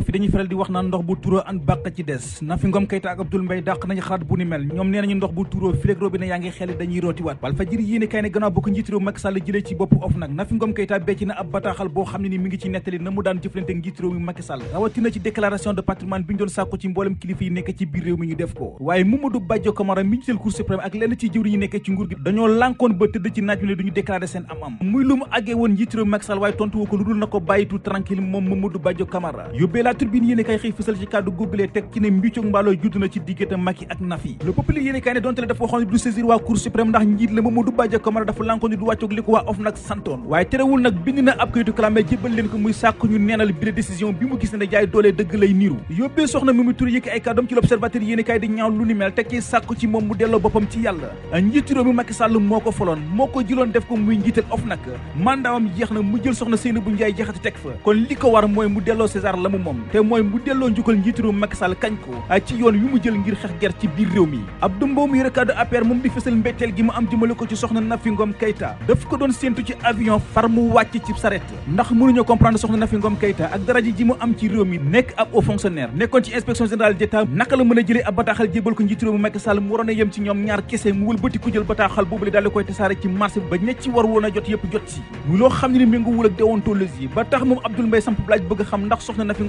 Wolof yi dañuy faral di wax naan ndox bu tuuroo an bàq ci des Nafi Ngom Keïta ak Abdoul Mbaye dàq nañu xalaat bu ni mel ñoom nee nañu ndox bu tuuroo fi rek yaa ngi xel dañuy rootiwaat Walfadjri yéene kay ne gannaaw bu ko njiitu réew Macky Sall ci déclaration de patrimoine bi ñu doon sàkku ci mboolem kilifa yi nekk ci biir réew mi ñu def ko waaye Mamadou Badio Camara mi jiital Cour suprême ak lenn ci jëwriñ yi nekk ci nguur gi dañoo lànkoon ba la yéene kaay xëy fësal ci kàddu góogulee teg ci ne mbicog mbaaloo judd na ci diggante Macky ak Nafi le peuple yéene kaay ne donte la dafa waxoon du saisir waa cour suprême ndax njiit la Mamadou Badja Camara dafa lànkoon du wàccoog li ko waa OFNAC santoon waaye terewul nag bind na ab kayitu clamé jébbal leen ko muy sàkk ñu neenal bi la décision bi mu gis ne jaay doole dëgg lay niru yóbbee soxna mu muy njiital OFNAC mandaawam jeex na te mooy mu delloo njukkal njiitu réew Macky Sall kañ ko ci yoon yu mu jël ngir xeex ger ci biir réew mi Abdou Mbow muy rekadu APR moom di fësal mbetteel gi mu am jëmale ko ci soxna Nafi Ngom Keïta daf ko doon séentu ci avion far mu wàcc ci saret ndax mënuñoo comprendre soxna Nafi Ngom Keïta ak daraja ji mu réew mi nekk ab haut fonctionnaire nekkoon ci inspection générale d'État naka la mën a jëlee ab bataaxal jébal ko njiitu réew Macky mu waroon a yem ci ñoom ñaar kese mu wëlbati ku jël bataaxal boobu le daal koy tasaare ci marché ba ña ci war woon a jot yëpp jot si loo xam ne ni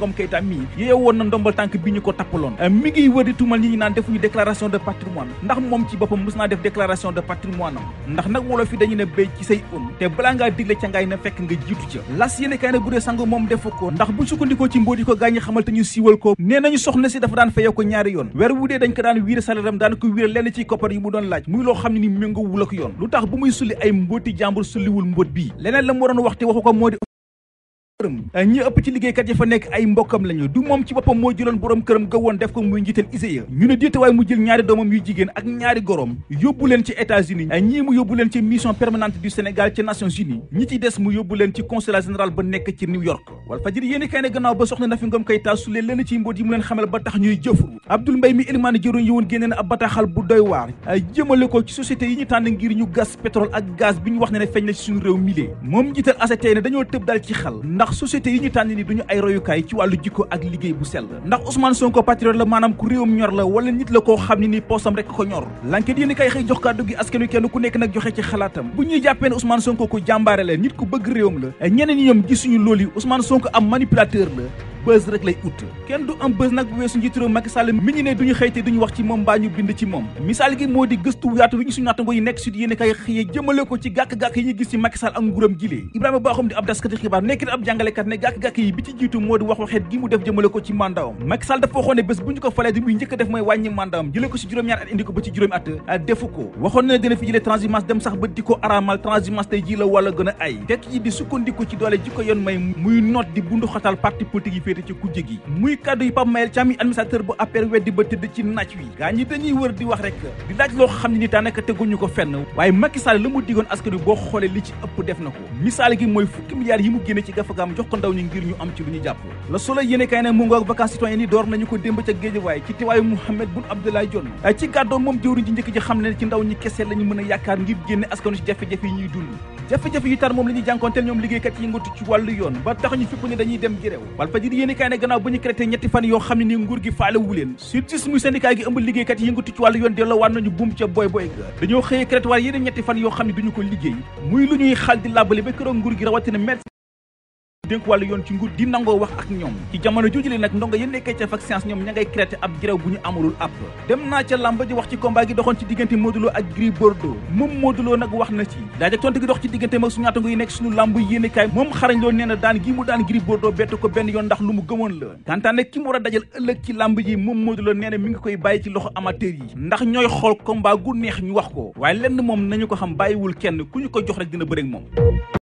mi Keita mii yeyoo woon na ndombal tànk bi ñu ko tappaloon euh, mi ngi wër di tuumal ñi naan defuñu déclaration de patrimoine ndax moom ci boppam mës naa def déclaration de patrimoine ndax nag wolof dañu ne béy ci say un te balaa ngaa digle ca ngaay na fekk nga jiitu ca las yéene kay ne bu dee moom defu ko ndax bu sukkandikoo ci mbóot yi ko gaañi xamal te ñu siiwal ko nee nañu soxna si dafa daan fayoo ko ñaari yoon weer wu dee dañ ko daan wiire salaire Euh, ñi ëpp ci liggéeykat ya nekk ay mbokkam lañu du moom ci boppam moo jëloon borom këram ga woon def ko muy njiital ISEA ñu ne déetawaay mu jël ñaari doomam yu jigéen ak ñaari gorom yóbbu leen ci États-Unis euh, ñii mu yóbbu leen ci mission permanente du Sénégal ci Nations Unies ñi ci des mu yóbbu leen ci consulat général ba nekk ci New York wal fajiri yéeni kay ne gannaaw ba soxna Nafi Ngom Keïta sulee lenn ci mbóot yi mu leen xamal ba tax ndax société yi ñu tànn ni duñu ay royukaay ci wàllu jikko ak liggéey bu sell ndax Ousmane Sonko patriote la maanaam ku réewam ñor la wala nit la koo xam ne ni poosam rek ko ñor l'enquête yéen kay xëy jox kàddu gi askan wi kenn ku nekk nag joxe ci xalaatam bu ñuy jàppee ne Ousmane Sonko ko jàmbaare la nit ku bëgg réewam la ñeneen ñi ñoom gisuñu loolu yi soo ko am manipulateur la bës rek lay ut kenn du am bës nag bu weesu njiitu réew mi ñu ne duñu xëy te duñu wax ci moom mbaa ñu bind ci moom misaal gi moo di gëstu yaatu wi ci gàkk-gàkk yi ñu gis ci Macky ak nguuram gilee Ibrahima Bakhoum di ab taskati xibaar nekk di ab jàngalekat ne gàkk-gàkk yi bi ci jiitu moo di wax waxeet gi mu def jëmale ko ci mandatam Macky dafa waxoon ne bés bu ñu ko falee di muy njëkk def mooy wàññi mandatam jële ko si juróom-ñaar at indi féete ci kujje gi muy kàddu yi Pape Mayel Thiam administrateur bu APR weddi ba tëdd ci naaj wi gaa ñi dañuy wër di wax rek di laaj loo xam ni daanaka teguñu ko fenn waaye Macky Sall la mu digoon askan boo xoolee li ci ëpp def na ko misaal gi mooy fukki milliards yi mu génne ci gafagaam jox ko ndaw ñi ngir ñu am ci lu ñu jàpp Le Soleil yéene kay mu ngoog vacances citoyennes door nañu ko démb ca Guédiawaye ci tiwaayu Mouhamed Boun Abdallah Dionne ci gàddoon ci ndaw jafe-jafe yu tar moom la ñuy jànkonteel ñoom liggéeykat yi yëngatu ci wàllu yoon ba tax ñu fipp ni dañuy dem gréew Walfadjri yéen i kaay gannaaw ba ñu ñetti fan yoo xam ni nguur gi faale wu leen surtout muy syndicat gi ëmb liggéeykat yi yëngatu ci wàllu yoon delloo waat nañu buum ca boy boy ga dañoo xëyee créé waat yeneen ñetti fan yoo xam ne duñu ko liggéey muy lu ñuy xal di làbbali ba keroog nguur gi rawatina dénk wàllu yoon ci nguur di nangoo wax ak ñoom ci jamono jooju lee nag ndongo yéen nekkee ca fac science ñoom ña ngay créé ab grève bu ñu amulul app dem naa ca làmb ji wax ci combat gi doxoon ci diggante Modou moom Modou Lo nag wax na ci laaj ak tontu gi dox ci diggante mag suñu naatango yi nekk suñu làmb yéene kaay moom xarañ loo nee na daan gi mu daan Gris Bordeaux bett ko benn yoon ndax lu mu gëmoon la kantaan ki mu war a dajal ëllëg ci làmb ji moom Modou Lo nee na mi ngi koy bàyyi ci loxo amateur yi ndax ñooy xool combat gu neex ñu wax ko waaye lenn moom nañu ko xam bàyyiwul kenn ku ñu ko jox rek dina bëre moom